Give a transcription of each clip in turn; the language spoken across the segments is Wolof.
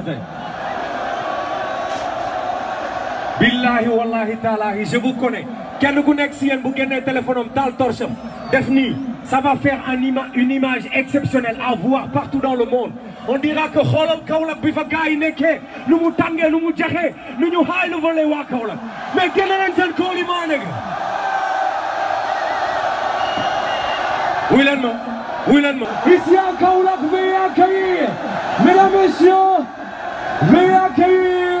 côté. billahi wallahi taalahi je vous connais kenn ku nekk si yéen bu génnee téléphone am taal torche am def nii ça va faire une image exceptionnelle à voir partout dans le monde on dira que xoolal Kaolack bi fa gars yi nekkee nu mu tàngee nu mu jaxee nu ñu haay lu volet waa Kaolack mais génne leen seen kooli maa nekk. wuy leen ma wuy leen ma. ici à Kaolack veuillez accueillir mesdames messieurs. Veuillez accueillir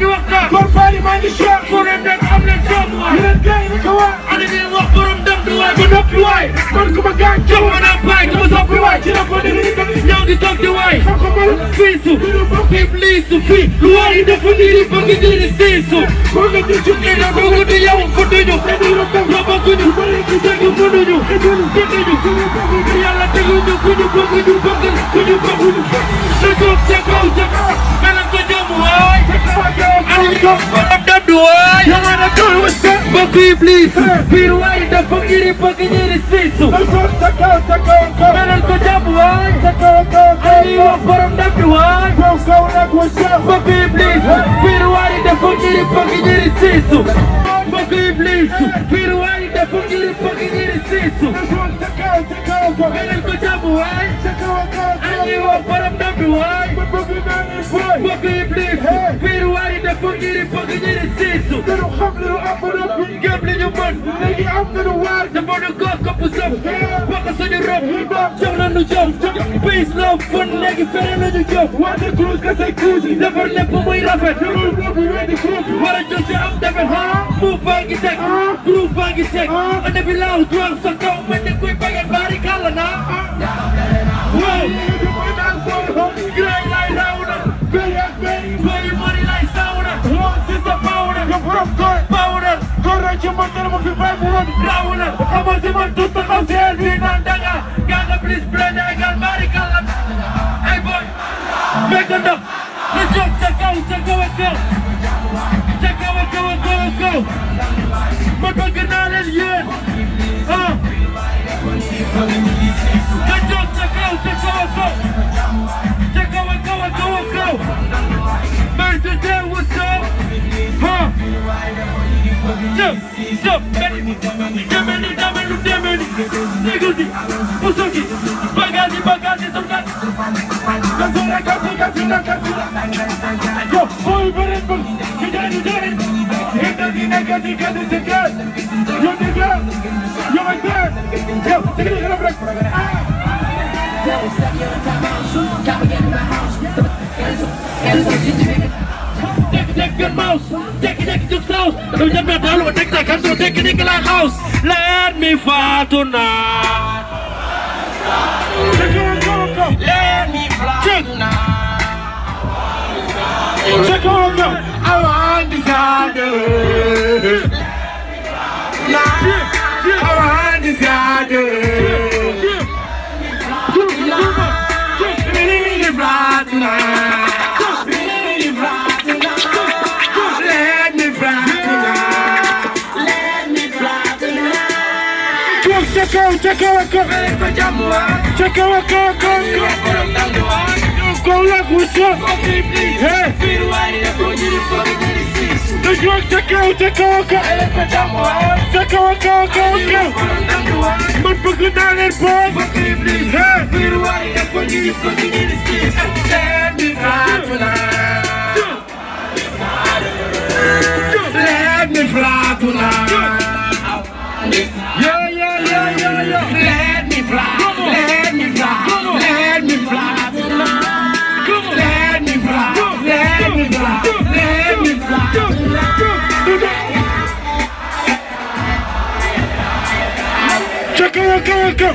di wax dara. Mor Fally maa ngi siyaar. ku ne dem am leen doomu waay. yeneen gars yi rek a waay. ana ñuy wax borom dem du waay. ba noppi waay. man ku ma gaañ jox ma naa baay ku ma soppi waay. ci la boo demee nii ñëw di toog di waay. xam nga man fiisu. ibliisu fii. lu waay yi dafa nii di bëgg di di siisu. boo nga di jug di doon dugg di yow fuduñu. ñoo bëgguñu. dégg mënuñu. bëgguñu. te yàlla teguñu ku ñu bëgg ñu bëgg ku ñu bëgguñu. te toog ca kaw ca kaw. ko borom dëddu waay yow a dëddul wëste mbokk yi bliis biir waay dafa iri bëgg ñiri siisu melal ko jàpp waay ay wax borom dëddu waay mbokk yi bliis biir waay dafa iri bëgg ñiri siisu mbokk yi bliis biir waay dafa iri bëgg ñiri siisu melal ko jàpp waay ay wax borom jàpp a jël ci mu baa ngi teg group baa ngi teg ande bi laaw droit sa kaw ne kuy bagat baari kàll naa waaw ci man dara ma fi fay mu woon raawu la xamal si man tus taxaw si el bi naan danga gànga plis brene egal mari kàllam ay boy fekk ndax na jóg ca kaw ca kaw ak kaw ca kaw ak kaw ak kaw ak kaw ma bëgg naa leen yéen ah na jóg ca kaw ca kaw ak kaw ca kaw ak kaw ak kaw ak kaw mais today what's up huh jëm jëm benn demeni demeni demeni sigil di puso gi bagage bagage soldat kasura kasura kasura kasura yo boy beren bul kijani jari kita di negati kadu sekat yo tiga yo makan yo sigil hello break Take it, take your mouse, take it to close Don't jump at all, take the cancel, take it in the house Let me fly tonight Let me fly tonight Check on them, I want this garden I want this garden ca kaw a kaw ca kaw a kaw a kaw kow lak wuso hee nu juwak ca kaw ca kaw a kaw ca kaw a kaw a kaw man bëgg naa leen boot hee go, go, go.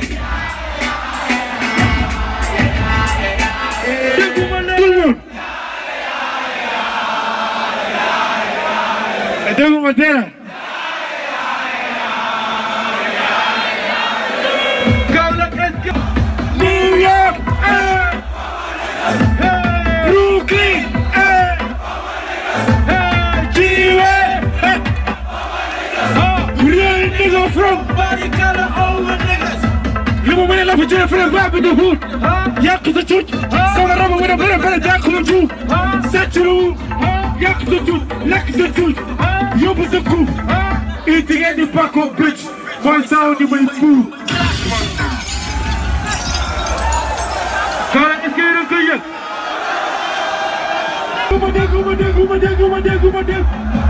Dégg ma dara. from Barricada over there. when I love with you, friend, vibe with the hood. Yakuza Chuch, Sona Rama with a better better Dakuma Chu, Satchuru, Yakuza Chu, Lakuza Chuch, Yobuza Ku, eating any pack of bitch, one sound you will fool. Cara, it's getting good. Guma dig, guma dig, guma dig, guma dig, guma dig.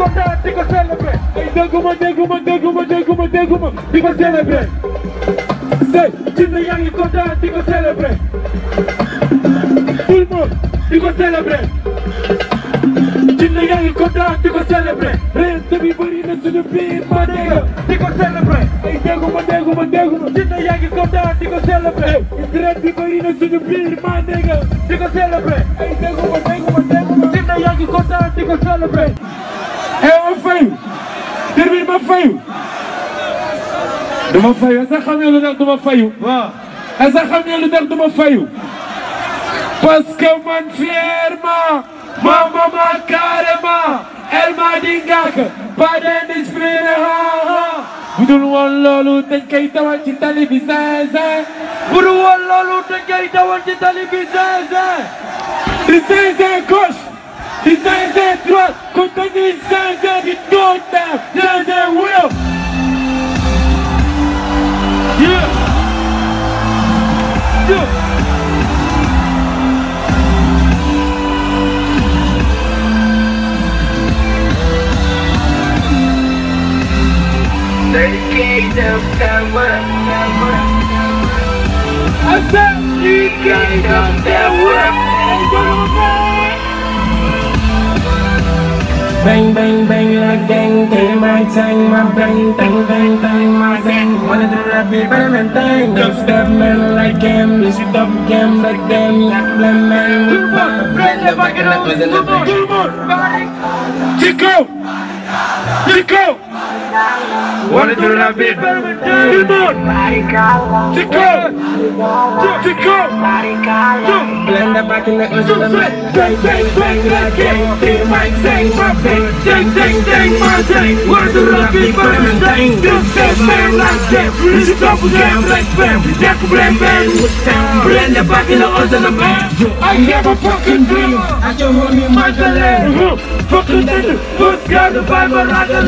kontaan di ko célébrer ay dégguma dégguma dégguma dégguma dégguma di ko célébrer tey jinne yaa ngi kontaan di ko célébrer tout le monde di ko célébrer jinne yaa ngi kontaan di ko célébrer réalité bi bëri na suñu biir maa dégg di ko célébrer ay dégguma dégguma dégguma jinne yaa ngi kontaan di ko célébrer réalité bi bëri na suñu biir maa dégg di ko célébrer ay dégguma dégguma dégguma jinne yaa ngi kontaan di ko célébrer e o fayu termine ba fayu duma fayu est-ce xam nga lu tax duma fayu est-ce que xam nga lu tax ma maman carrément elle m'a dit Ngaaka pas d'indiscipliné budul woon loolu dañ koy dawal ci tali bi zinzin budul woon loolu dañ koy dawal ci tali bi zinzin di zinzin gauche The Sanzé Trust continue Sanzé de Northbound, Sanzé Will. Yeah. Yeah. I said you can't stop that work. Bang bang bang like gang Kaya my tang my bang Tang bang tang my bang Wanna do that beat but I'm in tang Don't step man like him Let's sit up game like them Not the man We fuck a brand Never get up with a nipple Chico Chico ولد النبي يموت تكون تكون بلند باك نك نزل زين زين زين زين زين مايك زين مابين زين زين زين مابين ولد النبي برمدين دكتور مان لايك ديم ستوب جام لايك بام دك بلام بام بلند باك نك نزل مان I have a fucking dream I just want me my land Fucking dead First guy to buy my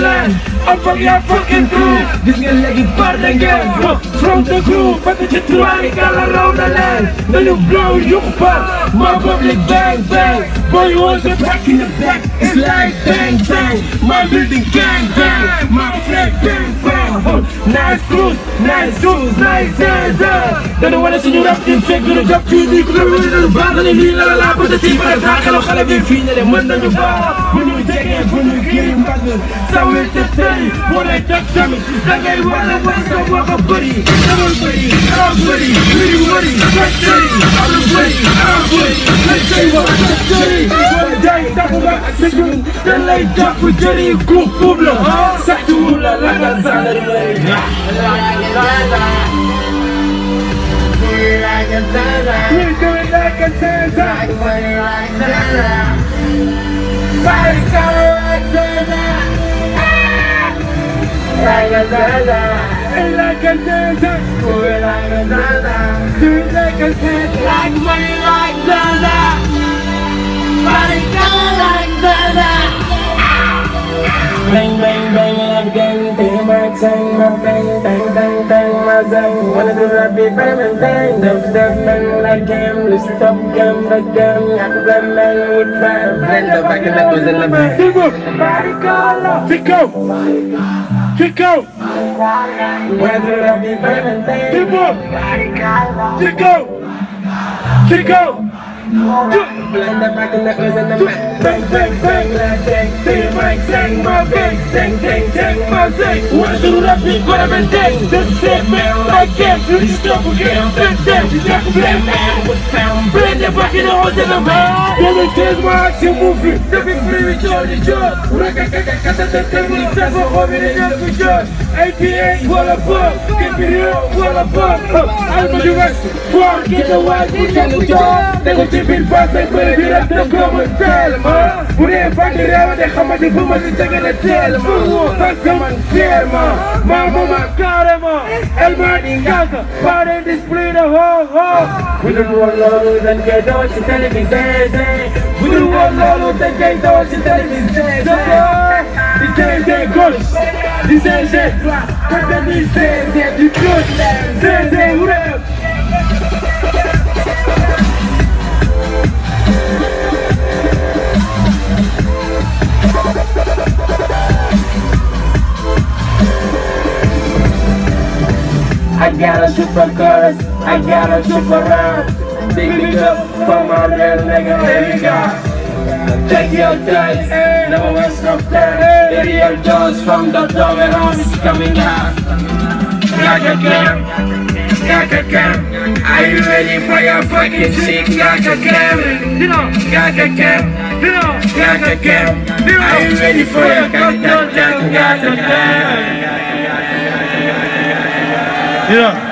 land on fuck your fucking crew gis ngeen léegi bar da ngeen pop from the crew fekk ci tuwaay kala raw na leen nañu blow yux bar ma public bang bang boy was a pack in the back it's like bang bang my building gang bang my flag bang bang nice crews nice shoes nice dancer dañu wane suñu rap di fekk ñu jàpp fii di ku la wér nañu baax nañu lii la la laa bëgg a tii ba xale bi fii ne mën nañu baax dangay bulu kii mbagg sawil te tëri wala jag jami dangay wala war sa wax a bëri demal bëri aram bëri wiri wëri jag tëri aram bëri aram bëri lañ koy wax jag tëri wala jaay taxu ba sa jëm dañ lay jàpp jëri guub guub la sa tuur la la nga sàngal lay Like a Santa. Like a Santa. Like a Santa. like a dancer, moving like a dancer, doing like a dance, like money like dancer, body color like dancer. Bang bang bang like gang, bang bang bang bang bang bang bang. أزم وانا دربي بمن بين دفدف من الأكام لستوب كم بكم أحزم من وتفهم بلند فاكر لك وزن لما سيبوك بارك الله فيكم فيكم وانا دربي بمن بين سيبوك بارك الله فيكم فيكم بلند فاكر لك وزن لما Bang bang bang la teg tey may teg ma bég teg teg teg ma sëg wàllu rab yi ko rafet teg dëkk seeg mel la kéem lu di topp kéem teg teg di jàpp biir mel bu sew. bële ne bàq ne xool dana maa. yéen teel ma ak si mu fi. depuis prix bi coow di coow. wuraka kaka kata te tegul tasa xob yi dañoo fi coow. ay billets wala pool. képpiriyoo wala pool. almal yu wes. pool gi ne waaj bu jàng coow. ne ko ci biir paase bële bi rek te góobu teel ma. bu dee bàtt réew de xamante bu ma si tege na teel ma parce que man fier ma ma carrément el ma di ngàkk pare display de ho ho bu dul woon loolu dañ koy dawal si télé bi zee bu dul woon loolu dañ koy dawal si télé bi zee di zee I got a super curse, I got a super run. Big it up for my real nigga, here we go. Take your dice, never waste no time. The real Jones from the Doveron is coming out. Gaga Glam, Gaga Glam. Are you ready for your fucking sick Gaga Glam? You know, Gaga Glam. Gaga Glam. Are you ready for your goddamn Gaga Glam? Yeah.